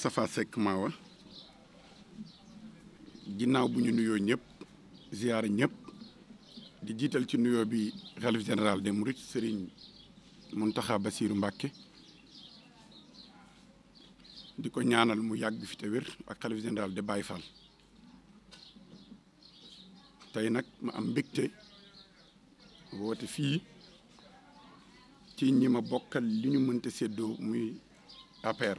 safaa Seck Mawa ginnaaw bu ñu nuyoo ñëpp ziyaara ñépp di jiital ci nuyoo bi xalif général des Mourides Serigne Mountakha Bassirou Mbacké di ko ñaanal mu yàgg fi te wér ak xalif général de Baye Fall tey nag ma am mbégte woote fii ci ñi ma bokkal li ñu mënta séddoo muy APR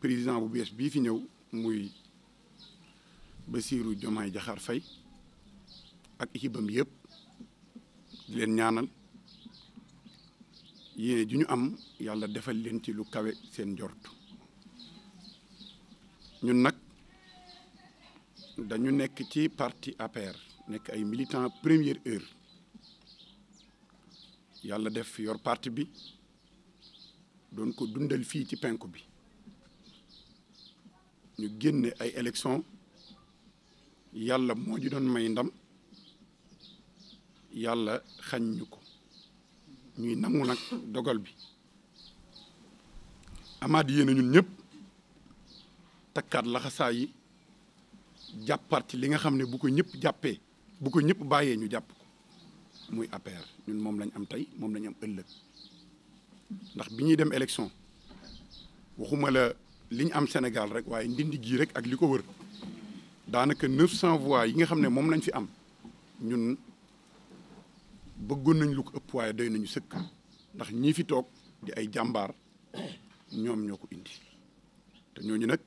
président bu bes bi fi ñëw muy basirou jomay jaxar fay ak équipe yëpp di leen ñaanal yéene ju ñu am yàlla defal leen ci lu kawe seen njort ñun nag dañu nekk ci parti APR nekk ay militant première heure yàlla def yor parti bi doon ko dundal fii ci penku bi ñu génne ay élections. Yalla mo ñu doon may ndam Yalla xagn ñu ko ñuy nangu nak dogal bi Amad yéene ñun ñëpp takkaat laxasaa yi jàppaat ci li nga xam bu ko ñëpp jappé bu ko ñëpp bayé ñu japp ko muy APR ñun mom lañ am tay mom lañ am ëlëk ndax biñuy dem élection waxuma la li ñu am Sénégal rek waaye ndindi gii rek ak li ko wër daanaka 900 voix yi nga xam ne moom lañ fi am ñun bëggoon nañ lu ko ëpp waaye doy nañu sëkk ndax ñii fi toog di ay jàmbaar ñoom ñoo ko indi te ñooñu nag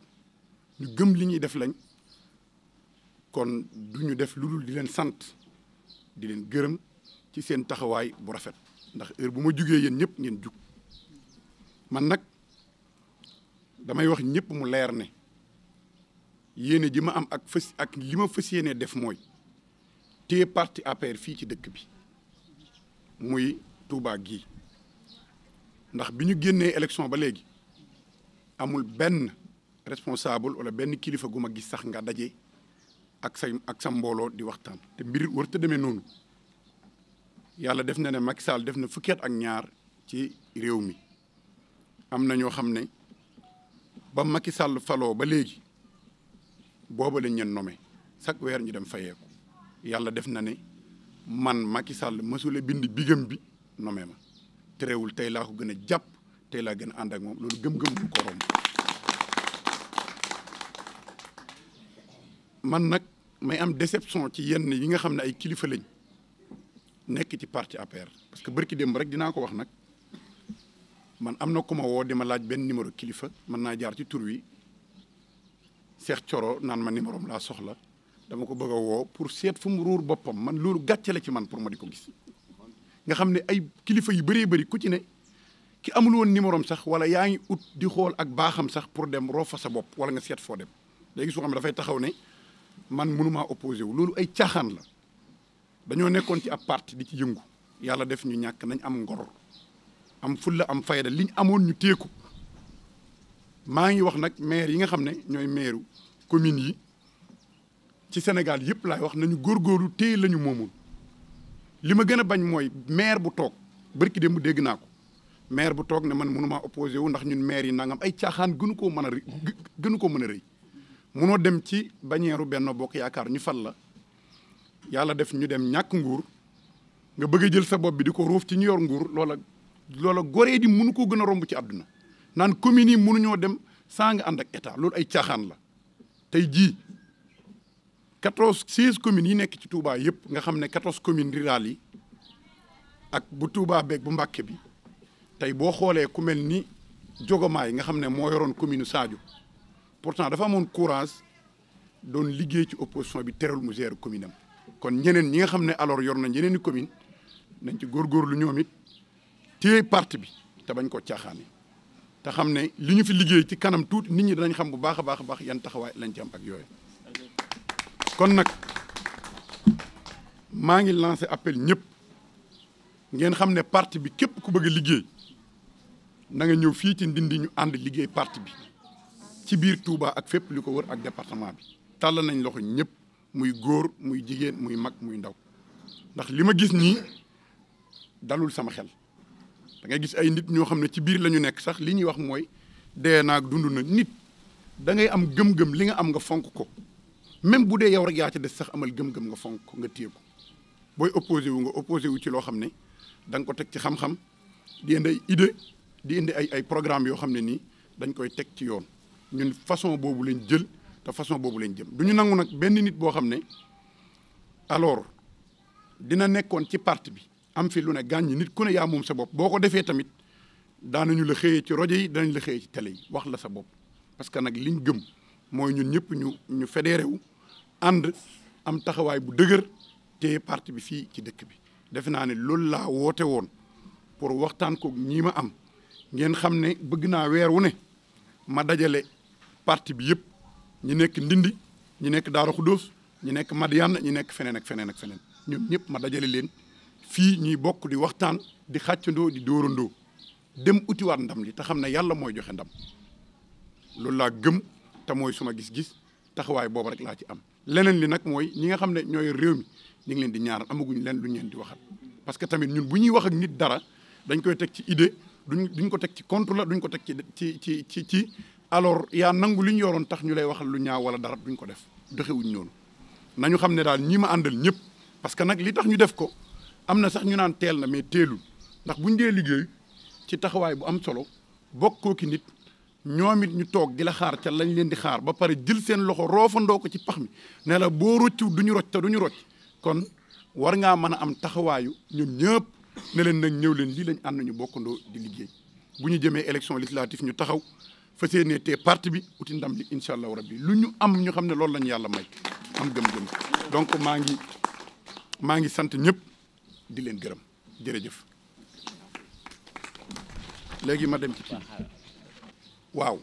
ñu gëm li ñuy def lañ kon du ñu def lu dul di leen sant di leen gërëm ci seen taxawaay bu rafet ndax heure bu ma jugee yéen ñëpp ngeen jug man nag. damay wax ñëpp mu leer ne yéene ji ma am ak fës ak li ma fës yéene def mooy téye parti APR fii ci dëkk bi muy Touba gii ndax bi ñu génnee élection ba léegi amul benn responsable wala benn kilifa gu ma gis sax nga daje ak say ak sa mbooloo di waxtaan te mbir warut a demee noonu yàlla def na ne Macky Sall def na fukki at ak ñaar ci réew mi am na ñoo xam ne. ba Macky Sall faloo ba léegi booba lañ ñeen nommé chaque weer ñu dem fayeeku yàlla def na ne man Macky Sall mësule bind bigam bi nommé ma terewul tey laa ko gën a jàpp tey laa gën a ànd ak moom loolu gëm-gëm bu ko romb man nag may am déception ci yenn yi nga xam ne ay kilifa lañ nekk ci parti APR parce que bërki démb rek dinaa ko wax nag man am na ku ma woo di ma laaj benn numéro kilifa mën naa jaar ci turwi wi Cheikh Thioro naan ma numéro am laa soxla dama ko bëgg a woo pour seet fu mu ruur boppam man loolu gàcce la ci man pour ma di ko gis nga xam ne ay kilifa yu bëree bëri ku ci ne ki amul woon numéro am sax wala yaa ngi ut di xool ak baaxam sax pour dem roo fa sa bopp wala nga seet foo dem léegi su xam ne dafay taxaw ne man mënumaa opposé wu loolu ay caaxaan la dañoo nekkoon ci ab parti di ci yëngu yàlla def ñu ñàkk nañ am ngor am fulla am fayda liñ amone ñu téeku ma ngi wax nak maire yi nga xam ne maireu commune yi ci Sénégal yépp lay wax nañu gor goru la lañu momul lima gëna bañ moy maire bu tok barki démb dégg na ko maire bu tok ne man mënuma opposé wu ndax ñun maire yi nangam ay caaxaan gënu ko mëna a gënu ko mëna a mëno dem ci bañéru benno bokk yaakar ñu fal la yalla def ñu dem ñak nguur nga bëgg jël sa bop bi diko ko ci ñu yor nguur loolu loola goree di mënu koo gën a romb ci adduna naan communes yi mënuñoo dem sans nga ànd ak état loolu ay caaxaan la tey jii quatorze seize communes yi nekk ci tuubaa yëpp nga xam ne quatorze communes rurales yi ak bu Touba beeg bu mbakke bi tey boo xoolee ku mel ni Jogomaay nga xam ne moo yoroon commune Sadio pourtant dafa amoon courage doon liggéey ci opposition bi teral mu gérer commune am kon ñeneen ñi nga xam ne alors yor nañ yeneen i commune nañ ci góorgóorlu ñoom it téye parti bi te bañ koo caaxaane te xam ne li ñu fi liggéey ci kanam tuuti nit ñi dañ xam bu baax a baax a baax yan taxawaay lañ ci am ak yooyu kon nag maa ngi lancé appel ñëpp ngeen xam ne parti bi képp ku bëgg liggéey na ñëw fii ci ndindi ñu ànd liggéey parti bi ci biir Touba ak fépp li ko wër ak département bi tàll nañ loxo ñëpp muy góor muy jigéen muy mag muy ndaw ndax li ma gis nii dalul sama xel da ngay gis ay nit ñoo xam ne ci biir la ñu nekk sax li ñuy wax mooy dee naag dund na nit da ngay am gëm-gëm li nga am nga fonk ko même bu dee yow rek yaa ci des sax amal gëm-gëm nga fonk ko nga téye ko booy opposé wu nga opposé wu ci loo xam ne da nga ko teg ci xam-xam di indi ay idée di indi ay ay programme yoo xam ne nii dañ koy teg ci yoon ñun façon boobu lañ jël te façon boobu lañ jëm du ñu nangu nag benn nit boo xam ne alors dina nekkoon ci parti bi am fi lu ne gàññ nit ku ne yaa moom sa bopp boo ko defee tamit daanañu la xëyee ci rajo yi danañ la xëyee ci tele yi wax la sa bopp parce que nag liñ gëm mooy ñun ñëpp ñu ñu fédéré wu ànd am taxawaay bu dëgër te parti bi fii ci dëkk bi defe naa ne loolu la woote woon pour waxtaan ko ñii ma am ngeen xam ne bëgg naa weer wu ne ma dajale parti bi yëpp ñi nekk Ndindi ñu nekk Daara Xudóos ñu nekk Madiane ñu nekk feneen ak feneen ak feneen ñoom ñëpp ma dajale leen fii ñuy bokk di waxtaan di xàccandoo di dóorandoo dem waat ndam li te xam ne yàlla mooy joxe ndam loolu laa gëm te mooy suma gis-gis taxawaay boobu rek laa ci am. leneen li nag mooy ñi nga xam ne ñooy réew mi ñu ngi leen di ñaaral amaguñ leen luñ leen di waxal parce que tamit ñun bu ñuy wax nit dara dañ koy teg ci idée duñ duñ ko teg ci contre la duñ ko teg ci ci ci ci alors yaa nangu li ñu yoroon tax ñu lay waxal lu ñaaw wala dara duñ ko def doxewuñ noonu nañu xam ne daal ñi ma àndal ñëpp parce que nag li tax ñu def ko. am na sax ñu naan teel na mais teelul ndax bu ñu dee liggéey ci taxawaay bu am solo bokkoo ki nit ñoom it ñu toog di la xaar ca lañ leen di xaar ba pare jël seen loxo roofandoo ko ci pax mi ne la boo roccu du ñu rocc te du ñu rocc kon war ngaa mën a am taxawaayu ñoom ñëpp ne leen nag ñëw leen lii lañ ànd ñu bokkandoo di liggéey bu ñu jëmee élection législative ñu taxaw fas yéenee te parti bi uti ndam li incha allahu rabbi lu ñu am ñu xam ne loolu lañu yàlla may am donc maa ngi maa ngi sant ñëpp. di leen gërëm jërëjëf léegi ma dem ci kii waaw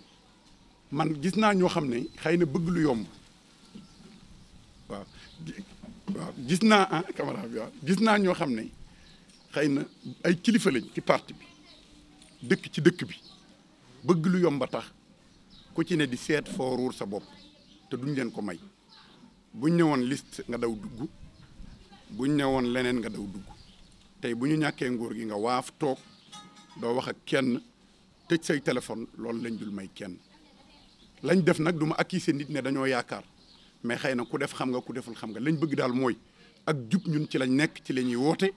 man gis naa ñoo xam ne xëy na bëgg lu yomb waaw gis naa ah camarade bi gis naa ñoo xam ne xëy na ay kilifa lañ ci parti bi dëkk ci dëkk bi bëgg lu yomb a tax ku ci ne di seet foo ruur sa bopp te duñ leen ko may buñ ñëwoon list nga daw dugg buñ woon leneen nga daw dugg tey bu ñu ñàkkee nguur gi nga waaf toog doo wax ak kenn tëj say téléphone loolu lañ dul may kenn lañ def nag du ma accuser nit ne dañoo yaakaar mais xëy na ku def xam nga ku deful xam nga lañ bëgg daal mooy ak jub ñun ci lañ nekk ci la ñuy woote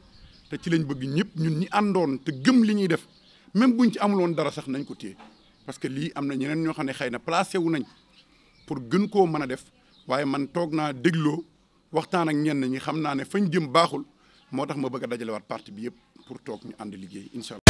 te ci lañ bëgg ñëpp ñun ñi àndoon te gëm li ñuy def même buñ ci amuloon dara sax nañ ko téye parce que lii am na ñeneen ñoo xam ne xëy na placé wu nañ pour gën koo mën a def waaye man toog naa dégloo waxtaan ak ñenn ñi xam naa ne fañ jëm baaxul moo tax ma bëgg a dajalewaat parti bi yëpp pour toog ñu ànd liggéey incha